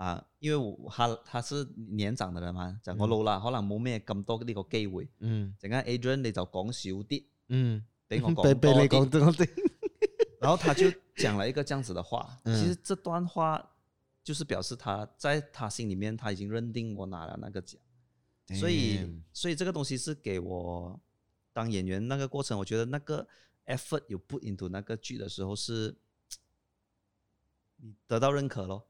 啊，因為我，他他是年長的人嘛，就我老啦，可能冇咩咁多呢個機會。嗯，陣間 Adrian 你就講少啲，嗯，俾我講多啲 然後他就講了一個這樣子的話，嗯、其實這段話就是表示他在他心裏面他已經認定我拿了那個獎，嗯、所以所以這個東西是給我當演員那個過程，我覺得那個 effort 有 put into 那個劇的時候是得到認可咯。